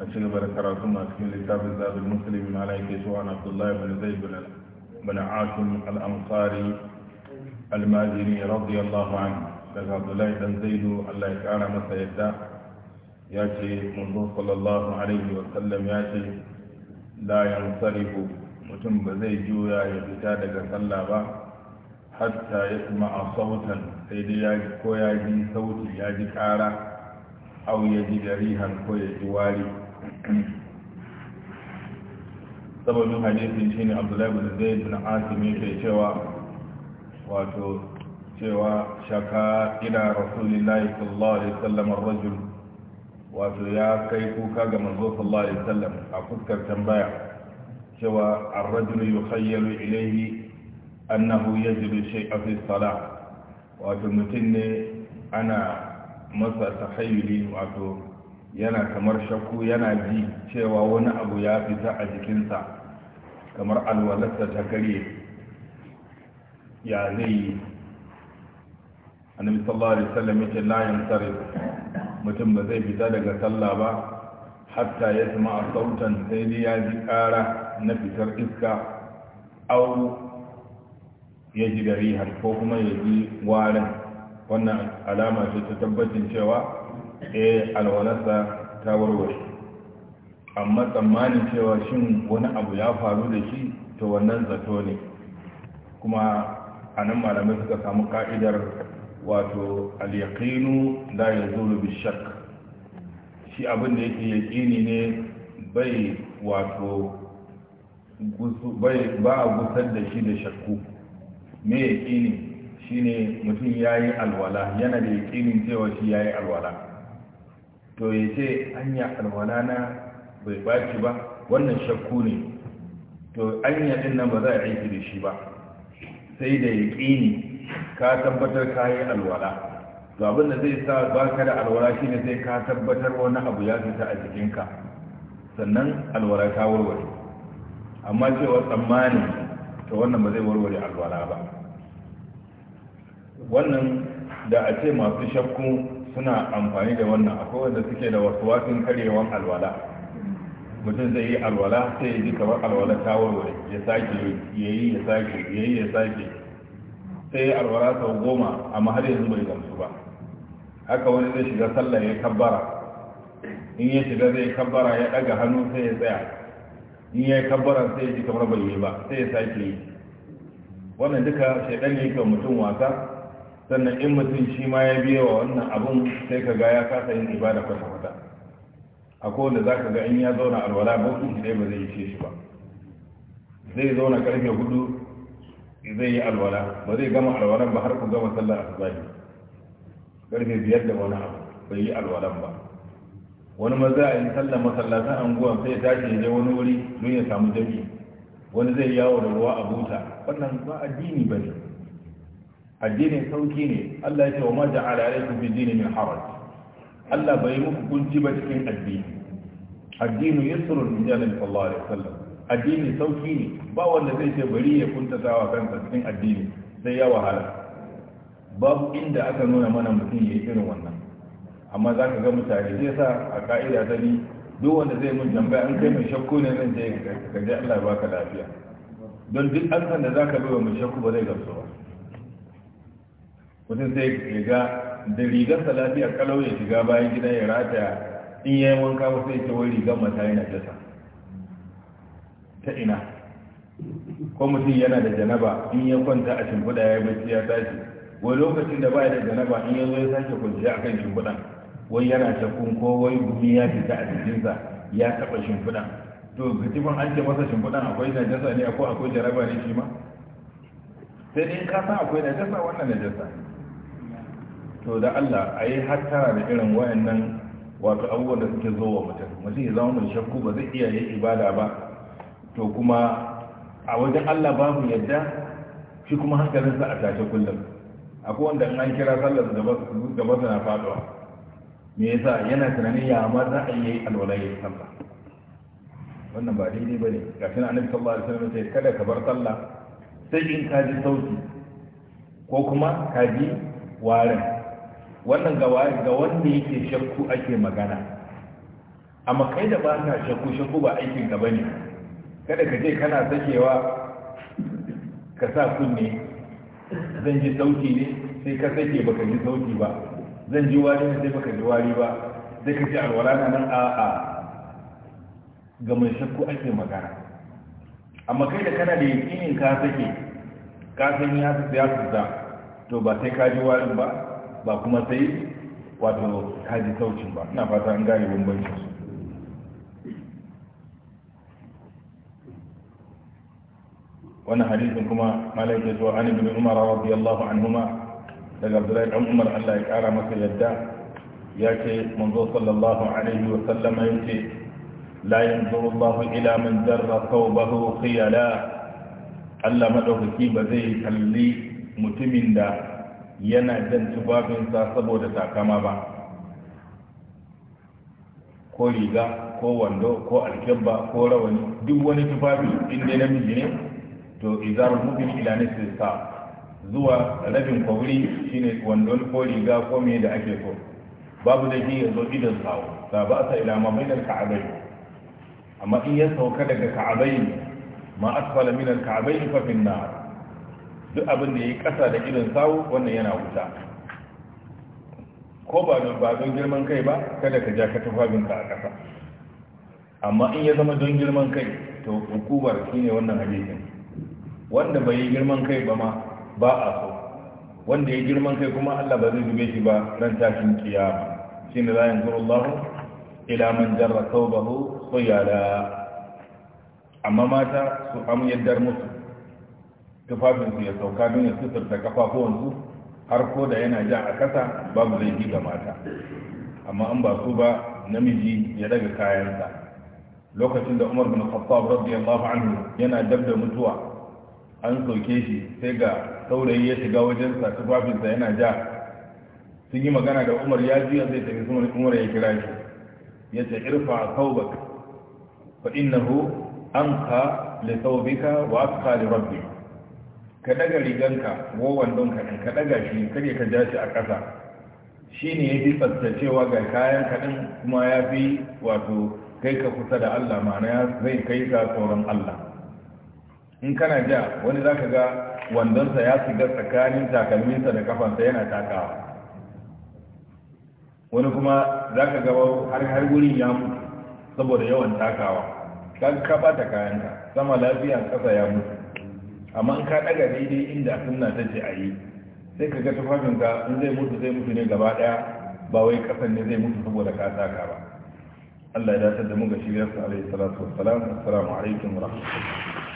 a ci gaba da karatun a cikin littafin zaɓin musulmi na alaƙe cewa na abdullahi bin zai bin asim al'amsari almajiri radiyallahu an daga abdullahi dan zaidu allah ya ƙara masa yadda ya ce manzo sallallahu alaihi wasallam ya ce la yansarifu mutum ba zai juya ya fita daga sallah ba hatta ya kuma a sautan sai dai ya ko ya ji sauti ya ji kara au ya ji darihan ko ya ji wari sababin hadisin ne abdullahi bin zaid bin asim ke cewa wato cewa shaka Ina rasulillah sallallahu alaihi wasallam rajul wato ya kai kuka ga manzo sallallahu alaihi wasallam a fuskar tambaya cewa ar-rajul yukhayyalu ilayhi annahu yajidu shay'a fi salah wato mutum ne ana masa tahayyuli wato yana kamar shakku yana ji cewa wani abu ya fita a jikinsa kamar alwalarsa ta karye ya zai yi annabi sallallahu alaihi wasallam yake la mutum ba zai fita daga sallah ba hatta ya sama a sautan sai dai ya ji kara na fitar iska au ya ji da ko kuma ya ji warin wannan alama ce ta tabbacin cewa eh alwalasa ta warware amma tsammanin cewa shin wani abu ya faru da shi to wannan zato ne kuma a nan malamai suka samu ka'idar wato alyaqinu la yazulu bishak shi abin da yake yaqini ne bai wato bai ba a gusar da shi da shakku me yaqini shine mutum yayi alwala yana da yaqinin cewa shi yayi alwala to ya ce hanya alwana na bai baci ba wannan shakku ne to hanya din nan ba za a aiki da shi ba sai da ya ƙini ka tabbatar ka yi alwala to abin da zai sa ba ka da alwala shi ne sai ka tabbatar wani abu ya fita a jikinka sannan alwala ta warware amma cewa tsammani to wannan ba zai warware alwala ba wannan da a ce masu shakku suna amfani da wannan akwai wanda suke da wasuwasin karewan alwala mutum zai yi alwala sai ya ji kamar alwala ta warware ya sake ya yi ya sake ya yi ya sake sai ya alwala sau goma amma har yanzu bai gamsu ba haka wani zai shiga sallah ya kabbara in ya shiga zai kabbara ya daga hannu sai ya tsaya in ya kabbara sai ya ji kamar bai yi ba sai ya sake yi wannan duka shaidan ne ga mutum wasa sannan in mutum shi ma ya biya wa wannan abun sai ka ga ya kasa yin ibada kwata kwata a kowanne za ka ga in ya zauna alwala bokin shi ɗaya ba zai ishe shi ba zai zauna karfe hudu zai yi alwala ba zai gama alwalan ba har ku gama sallar asubahi karfe biyar da wani abu bai yi alwalan ba wani maza a yi sallar masallatan anguwan sai ya tashi ya je wani wuri don ya samu jami'i wani zai yawo da ruwa a buta wannan ba addini ba ne addinin sauki ne Allah ya ce wa ma ja'ala alaikum bi dini min haraj Allah bai muku kunci ba cikin addini addinu yusrun min jalal sallallahu alaihi wasallam addini sauki ne ba wanda zai ce bari ya kuntata wa kansa cikin addini sai ya wahala babu inda aka nuna mana mutum ya yi irin wannan amma za ka ga mutane zai sa a ka'ida ta ni duk wanda zai mun tambaya an kai mai shakku ne zan je ka je Allah ya baka lafiya don duk an da za ka bai wa mai shakku ba zai gamsu ba mutum zai shiga da rigar sa lafiya kalau ya shiga bayan gida ya rataya in yayi wanka ba sai ke wai rigar mata yana jasa ta ina ko mutum yana da janaba in ya kwanta a shimfiɗa ya yi bacci ya tashi wai lokacin da ba da janaba in ya zo ya sake kwanciya kan shimfiɗan wai yana shakun ko wai gumi ya fita a jikinsa ya taɓa shimfiɗan to gatifin an ce masa shimfiɗan akwai najasa ne ko akwai jaraba ne shi ma sai in ka san akwai najasa wannan najasa ne to da Allah a yi hattara da irin wayannan wato abubuwan da suke zo wa mutum mutum ya zama mai shakku ba zai iya yin ibada ba to kuma a wajen Allah babu yadda shi kuma hankalinsa a tashe kullum akwai wanda in an kira sallar da gaba na faduwa me yasa yana tunanin ya ma za a yi alwalai ya sallah wannan ba daidai ba ne ga shi na annabi sallallahu alaihi wasallam sai, kada ka bar sallah sai in ka ji sauki ko kuma ka ji warin wannan ga wanda yake shakku ake magana amma kai da ba ka shakku shakku ba aikin ka bane kada ka je kana sakewa ka sa kunne zan ji sauki ne sai ka sake baka ji sauki ba zan ji wari ne sai baka ji wari ba sai ka ji alwala nan a'a ga mai shakku ake magana amma kai da kana da yakinin ka sake ka san ya su to ba sai ka ji warin ba ba kuma sai wato haji saucin ba ina fata an gane bambancin su Wani hadisin kuma malaika zuwa an ibn umar radiyallahu anhuma daga abdullahi ɗan umar Allah ya kara masa yadda ya ce manzo sallallahu alaihi wa sallama ya yace la yanzuru Allahu ila man darra thawbahu khiyala Allah madaukaki ba zai kalli mutumin da yana jan tufafinsa saboda takama ba ko riga ko wando ko alkyabba ko rawani duk wani tufafi in dai namiji ne to izar mu'min ila nisfi sa zuwa rabin kwabri shine wando ko riga ko me da ake so babu da shi ya zo idan sawo ta ba sa ila ma ka'abai amma in ya sauka daga ka'abai ma asfala min kaabai fa fin nar duk abin da ya yi ƙasa da irin sawu wannan yana wuta ko ba don ba don girman kai ba kada ka ja ka tufafinka a ƙasa amma in ya zama don girman kai to hukumar shine wannan hadisin wanda bai yi girman kai ba ma ba a so wanda ya girman kai kuma Allah ba zai dube shi ba ran tashin kiyama shine la allah ila man jarra ya khuyala amma mata su amu yaddar musu tufafinsu ya sauka don ya suturta kafafuwansu har ko da yana ja a kasa babu laifi ga mata amma an ba su ba namiji ya daga kayansa lokacin da umar bin khattab radiyallahu anhu yana dab da mutuwa an soke shi sai ga saurayi ya shiga wajensa tufafinsa yana ja sun yi magana da umar ya ji zai tafi sun umar ya kira shi ya ce irfa saubak fa innahu anqa li thawbika wa asqa li rabbi? ka daga riganka ko wandon ka ka daga shi kare ka ja shi a ƙasa shi ne ya fi tsaftacewa ga kayan kaɗin kuma ya fi wato kai ka kusa da Allah ma'ana zai kai ka tsoron Allah in kana ja wani za ka ga wandonsa ya shiga tsakanin takalminsa da kafansa yana takawa wani kuma za ka gaba har har wurin ya mutu saboda yawan takawa ka kayan kayanka sama lafiya ƙasa ya mutu amma in ka daga daidai inda sunna ta ce a yi sai ka ga tufafin ka in zai mutu zai mutu ne gaba daya ba wai kasan ne zai mutu saboda ka saka ba Allah ya dace da mu ga sa alaihi salatu wassalam assalamu alaikum wa rahmatullahi